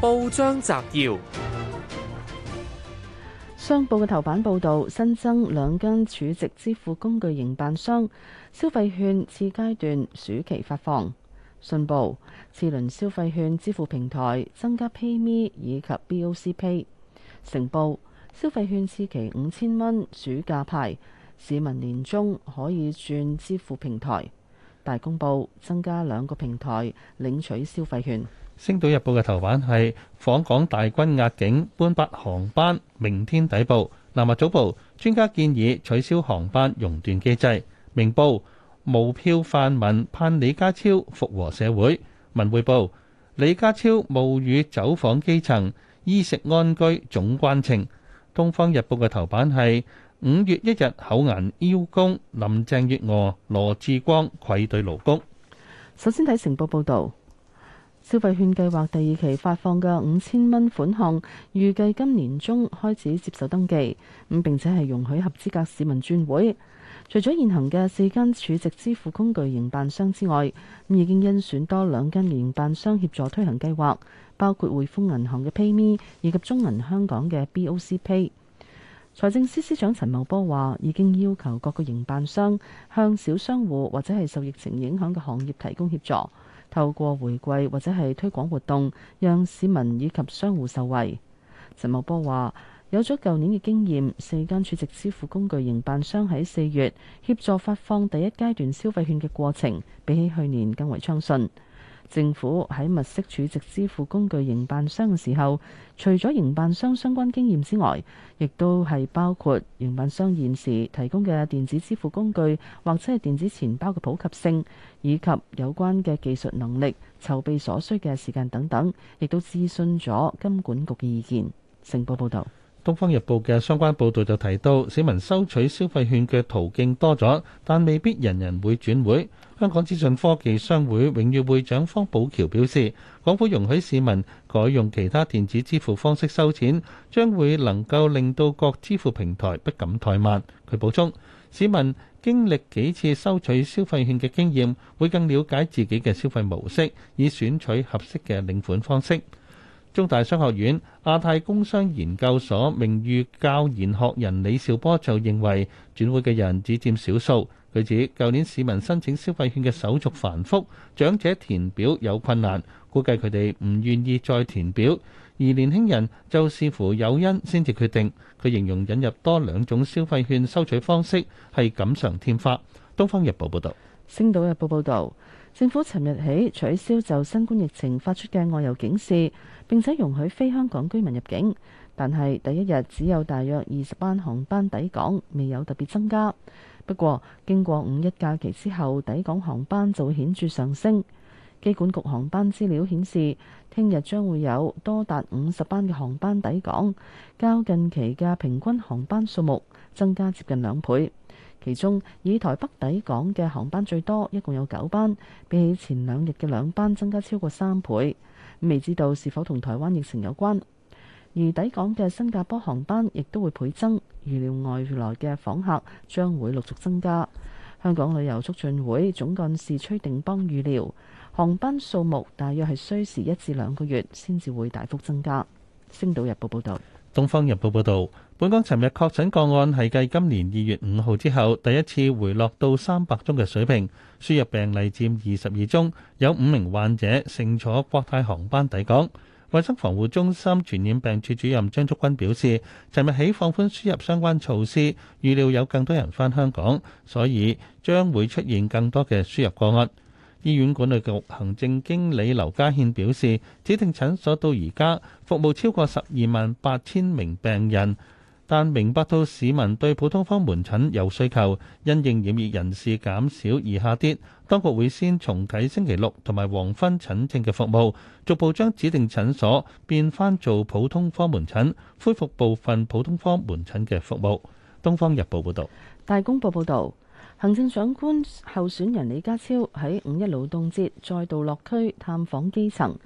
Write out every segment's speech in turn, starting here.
報章摘要：商報嘅頭版報道新增兩間儲值支付工具營辦商，消費券次階段暑期發放。信報次輪消費券支付平台增加 PayMe 以及 BOCP。成報消費券次期五千蚊暑假派。市民年終可以轉支付平台。大公報增加兩個平台領取消費券。星島日報嘅頭版係訪港大軍壓境，搬不航班明天抵埗。南華早報專家建議取消航班熔斷機制。明報無票泛民盼李家超復和社會。文匯報李家超冒雨走訪基層，衣食安居總關情。東方日報嘅頭版係五月一日厚顏邀功，林鄭月娥羅致光愧對勞工。首先睇成報報道。消費券計劃第二期發放嘅五千蚊款項，預計今年中開始接受登記，咁並且係容許合資格市民轉會。除咗現行嘅四間儲值支付工具營辦商之外，已經甄選多兩間營辦商協助推行計劃，包括匯豐銀行嘅 PayMe 以及中銀香港嘅 BoC Pay。財政司司長陳茂波話，已經要求各個營辦商向小商戶或者係受疫情影響嘅行業提供協助。透過回饋或者係推廣活動，讓市民以及商戶受惠。陳茂波話：有咗舊年嘅經驗，四間儲值支付工具營辦商喺四月協助發放第一階段消費券嘅過程，比起去年更為暢順。政府喺物色儲值支付工具營辦商嘅時候，除咗營辦商相關經驗之外，亦都係包括營辦商現時提供嘅電子支付工具或者係電子錢包嘅普及性，以及有關嘅技術能力、籌備所需嘅時間等等，亦都諮詢咗金管局嘅意見。成報報道，東方日報嘅相關報道就提到，市民收取消費券嘅途徑多咗，但未必人人會轉會。香港資訊科技商會榮譽會長方保僑表示，港府容許市民改用其他電子支付方式收錢，將會能夠令到各支付平台不敢怠慢。佢補充，市民經歷幾次收取消費券嘅經驗，會更了解自己嘅消費模式，以選取合適嘅領款方式。中大商學院亞太工商研究所名譽教研學人李兆波就認為，轉會嘅人只佔少數。佢指，舊年市民申請消費券嘅手續繁複，長者填表有困難，估計佢哋唔願意再填表；而年輕人就視乎有因先至決定。佢形容引入多兩種消費券收取方式係錦上添花。《東方日報》報導，《星島日報》報導，政府尋日起取消就新冠疫情發出嘅外遊警示，並且容許非香港居民入境，但係第一日只有大約二十班航班抵港，未有特別增加。不過，經過五一假期之後，抵港航班就會顯著上升。機管局航班資料顯示，聽日將會有多達五十班嘅航班抵港，較近期嘅平均航班數目增加接近兩倍。其中，以台北抵港嘅航班最多，一共有九班，比起前兩日嘅兩班增加超過三倍。未知道是否同台灣疫情有關。而抵港嘅新加坡航班亦都會倍增。預料外來嘅訪客將會陸續增加。香港旅遊促進會總幹事崔定邦預料，航班數目大約係需時一至兩個月先至會大幅增加。星島日報報道。東方日報報道，本港尋日確診個案係繼今年二月五號之後第一次回落到三百宗嘅水平，輸入病例佔二十二宗，有五名患者乘坐國泰航班抵港。衛生防護中心傳染病處主任張竹君表示，尋日起放寬輸入相關措施，預料有更多人返香港，所以將會出現更多嘅輸入個案。醫院管理局行政經理劉家憲表示，指定診所到而家服務超過十二萬八千名病人。但明白到市民對普通科門診有需求，因應染疫人士減少而下跌，當局會先重啟星期六同埋黃昏診症嘅服務，逐步將指定診所變翻做普通科門診，恢復部分普通科門診嘅服務。東方日報報道，大公報報道。行政長官候選人李家超喺五一勞動節再度落區探訪基層。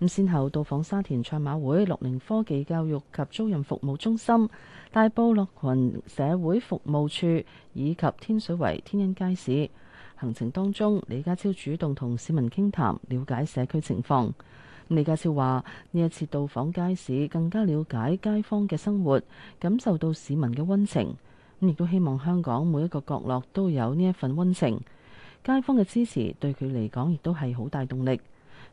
咁先後到訪沙田賽馬會六零科技教育及租賃服務中心、大埔樂群社會服務處以及天水圍天恩街市。行程當中，李家超主動同市民傾談了解社區情況。李家超話呢一次到訪街市，更加了解街坊嘅生活，感受到市民嘅溫情。亦都希望香港每一個角落都有呢一份溫情。街坊嘅支持對佢嚟講亦都係好大動力。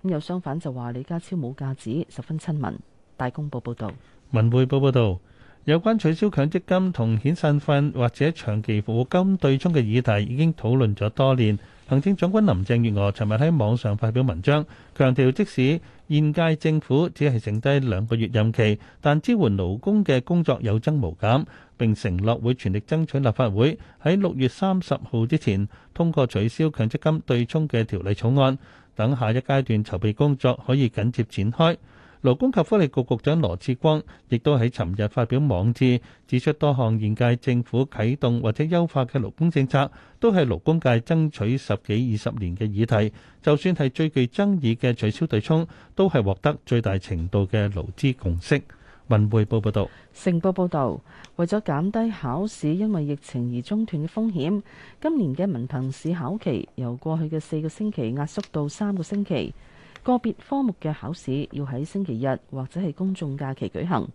咁有相反就話李家超冇架子，十分親民。大公報報道，文匯報報道，有關取消強積金同遣散費或者長期服務金對沖嘅議題，已經討論咗多年。行政長官林鄭月娥尋日喺網上發表文章，強調即使現屆政府只係剩低兩個月任期，但支援勞工嘅工作有增無減，並承諾會全力爭取立法會喺六月三十號之前通過取消強積金對沖嘅條例草案，等下一階段籌備工作可以緊接展開。勞工及福利局局長羅致光亦都喺尋日發表網誌，指出多項現屆政府啟動或者優化嘅勞工政策，都係勞工界爭取十幾二十年嘅議題。就算係最具爭議嘅取消對沖，都係獲得最大程度嘅勞資共識。文匯報報導。成報報導，為咗減低考試因為疫情而中斷嘅風險，今年嘅文憑試考期由過去嘅四個星期壓縮到三個星期。個別科目嘅考試要喺星期日或者係公眾假期舉行。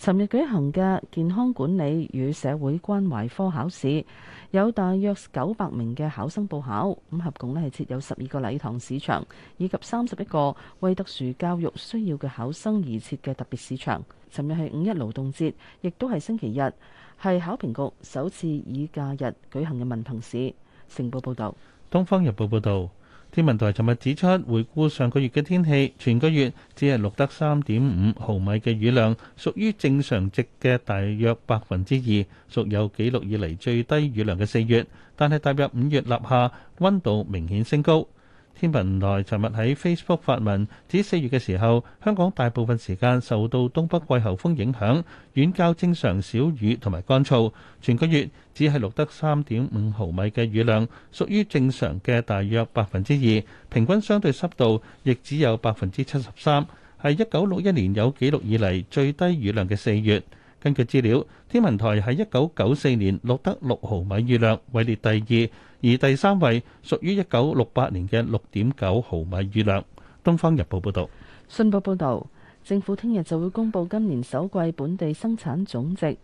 尋日舉行嘅健康管理與社會關懷科考試，有大約九百名嘅考生報考，咁合共咧係設有十二個禮堂市場，以及三十一個為特殊教育需要嘅考生而設嘅特別市場。尋日係五一勞動節，亦都係星期日，係考評局首次以假日舉行嘅文憑試。成報報道：《東方日報》報道。天文台尋日指出，回顧上個月嘅天氣，全個月只係錄得三點五毫米嘅雨量，屬於正常值嘅大約百分之二，屬有記錄以嚟最低雨量嘅四月。但係大約五月立夏，溫度明顯升高。天文台尋日喺 Facebook 發文，指四月嘅時候，香港大部分時間受到東北季候風影響，遠較正常少雨同埋乾燥。全個月只係錄得3.5毫米嘅雨量，屬於正常嘅大約百分之二。平均相對濕度亦只有百分之七十三，係1961年有記錄以嚟最低雨量嘅四月。根據資料，天文台喺1994年錄得6毫米雨量，位列第二。而第三位屬於一九六八年嘅六點九毫米雨量。《東方日報》報導，《信報》報導，政府聽日就會公布今年首季本地生產總值。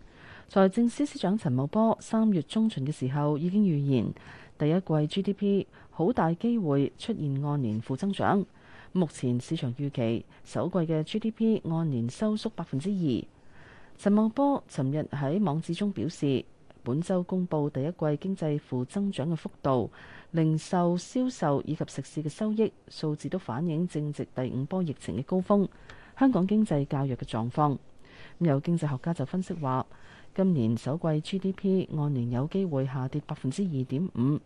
財政司司長陳茂波三月中旬嘅時候已經預言，第一季 GDP 好大機會出現按年負增長。目前市場預期，首季嘅 GDP 按年收縮百分之二。陳茂波尋日喺網誌中表示。本周公布第一季經濟負增長嘅幅度，零售銷售以及食肆嘅收益數字，都反映正值第五波疫情嘅高峰，香港經濟較弱嘅狀況。有經濟學家就分析話，今年首季 GDP 按年有機會下跌百分之二點五，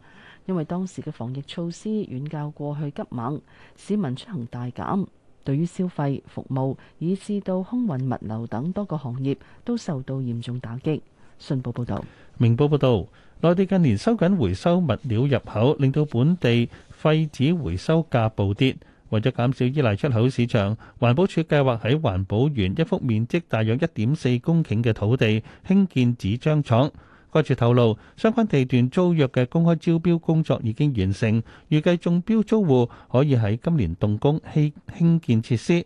因為當時嘅防疫措施遠較過去急猛，市民出行大減，對於消費服務以至到空運物流等多個行業都受到嚴重打擊。信報報道，明報報道，內地近年收緊回收物料入口，令到本地廢紙回收價暴跌。為咗減少依賴出口市場，環保署計劃喺環保園一幅面積大約一點四公頃嘅土地興建紙張廠。該署透露，相關地段租約嘅公開招標工作已經完成，預計中標租戶可以喺今年動工興興建設施。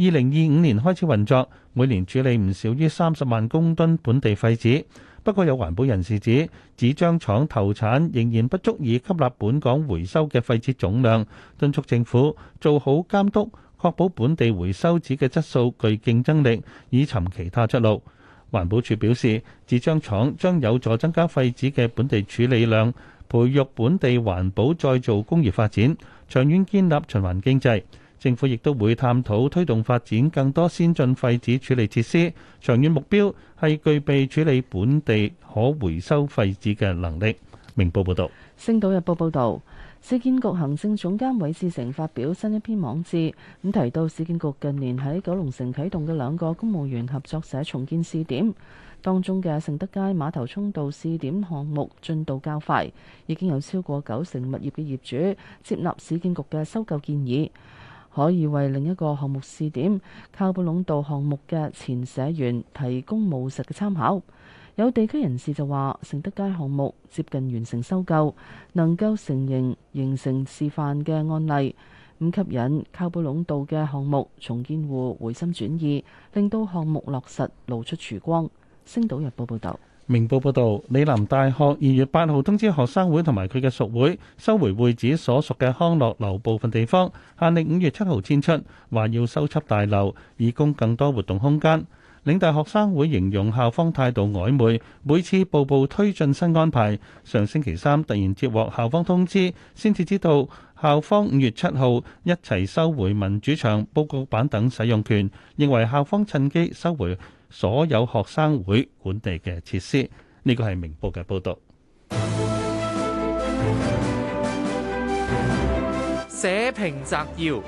二零二五年開始運作，每年處理唔少於三十萬公噸本地廢紙。不過有環保人士指，紙張廠投產仍然不足以吸納本港回收嘅廢紙總量，敦促政府做好監督，確保本地回收紙嘅質素具競爭力，以尋其他出路。環保署表示，紙張廠將有助增加廢紙嘅本地處理量，培育本地環保再造工業發展，長遠建立循環經濟。政府亦都會探討推動發展更多先進廢紙處理設施，長遠目標係具備處理本地可回收廢紙嘅能力。明報報導，《星島日報》報導，市建局行政總監韋志成發表新一篇網誌，咁提到市建局近年喺九龍城啓動嘅兩個公務員合作社重建試點，當中嘅盛德街馬頭涌道試點項目進度較快，已經有超過九成物業嘅業主接納市建局嘅收購建議。可以為另一個項目試點，靠背壟道項目嘅前社員提供務實嘅參考。有地區人士就話，誠德街項目接近完成收購，能夠成形形成示範嘅案例，咁吸引靠背壟道嘅項目重建戶回心轉意，令到項目落實露出曙光。星島日報報道。明報報導，嶺南大學二月八號通知學生會同埋佢嘅屬會收回會址所屬嘅康樂樓部分地方，限令五月七號遷出，話要收葺大樓以供更多活動空間。嶺大學生會形容校方態度曖昧，每次步步推進新安排，上星期三突然接獲校方通知，先至知道校方五月七號一齊收回民主牆、報告板等使用權，認為校方趁機收回。所有學生會管地嘅設施，呢個係明報嘅報導。社評摘要：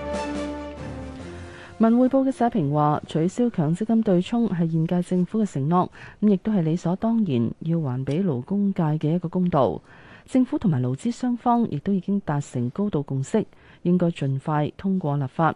文匯報嘅社評話，取消強積金對沖係現屆政府嘅承諾，咁亦都係理所當然要還俾勞工界嘅一個公道。政府同埋勞資雙方亦都已經達成高度共識，應該盡快通過立法。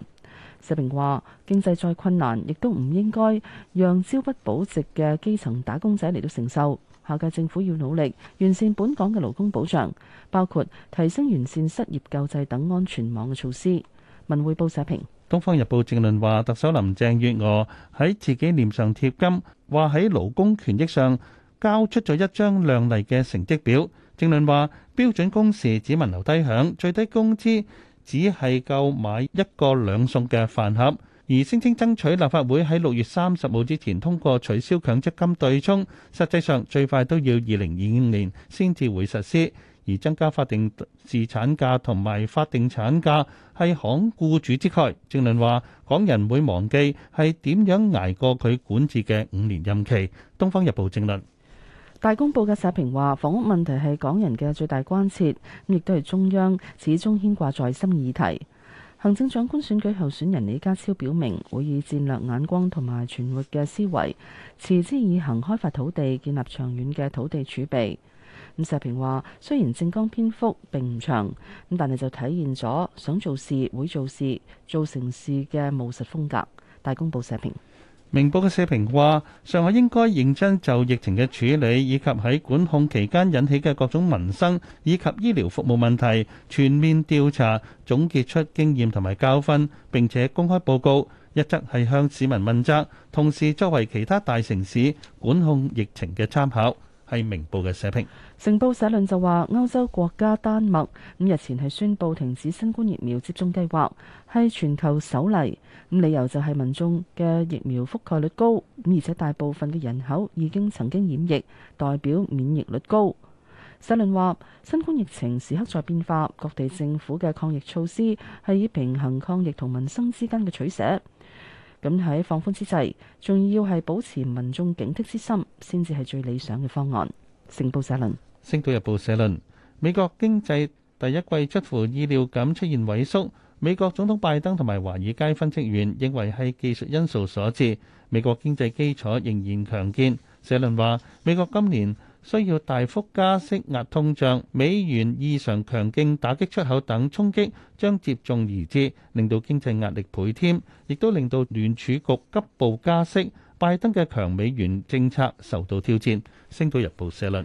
社評話：經濟再困難，亦都唔應該讓朝不保值嘅基層打工仔嚟到承受。下屆政府要努力完善本港嘅勞工保障，包括提升、完善失業救濟等安全網嘅措施。文匯報社評，《東方日報》正論話：特首林鄭月娥喺自己臉上貼金，話喺勞工權益上交出咗一張亮麗嘅成績表。正論話：標準工時只聞樓梯響，最低工資，只係夠買一個兩餸嘅飯盒，而聲稱爭取立法會喺六月三十號之前通過取消強積金對沖，實際上最快都要二零二五年先至會實施，而增加法定侍產假同埋法定產假係行雇主之蓋，正論話，港人會忘記係點樣捱過佢管治嘅五年任期。《東方日報》正論。大公報嘅社評話：房屋問題係港人嘅最大關切，亦都係中央始終牽掛在心嘅議題。行政長官選舉候選人李家超表明會以戰略眼光同埋存活嘅思維，持之以恒開發土地，建立長遠嘅土地儲備。咁社評話：雖然政綱篇幅並唔長，咁但係就體現咗想做事、會做事、做成事嘅務實風格。大公報社評。明報嘅社評話：上海應該認真就疫情嘅處理以及喺管控期間引起嘅各種民生以及醫療服務問題全面調查，總結出經驗同埋教訓，並且公開報告，一則係向市民問責，同時作為其他大城市管控疫情嘅參考。係明報嘅社評。成報社論就話歐洲國家丹麥，咁日前係宣布停止新冠疫苗接種計劃，係全球首例。咁理由就係民眾嘅疫苗覆蓋率高，咁而且大部分嘅人口已經曾經染疫，代表免疫力高。社論話新冠疫情時刻在變化，各地政府嘅抗疫措施係以平衡抗疫同民生之間嘅取捨。咁喺放寬之際，仲要係保持民眾警惕之心，先至係最理想嘅方案。成報社論。星島日報社論，美國經濟第一季出乎意料咁出現萎縮。美國總統拜登同埋華爾街分析員認為係技術因素所致。美國經濟基礎仍然強健。社論話美國今年需要大幅加息壓通脹，美元異常強勁打擊出口等衝擊將接踵而至，令到經濟壓力倍添，亦都令到聯儲局急步加息，拜登嘅強美元政策受到挑戰。星島日報社論。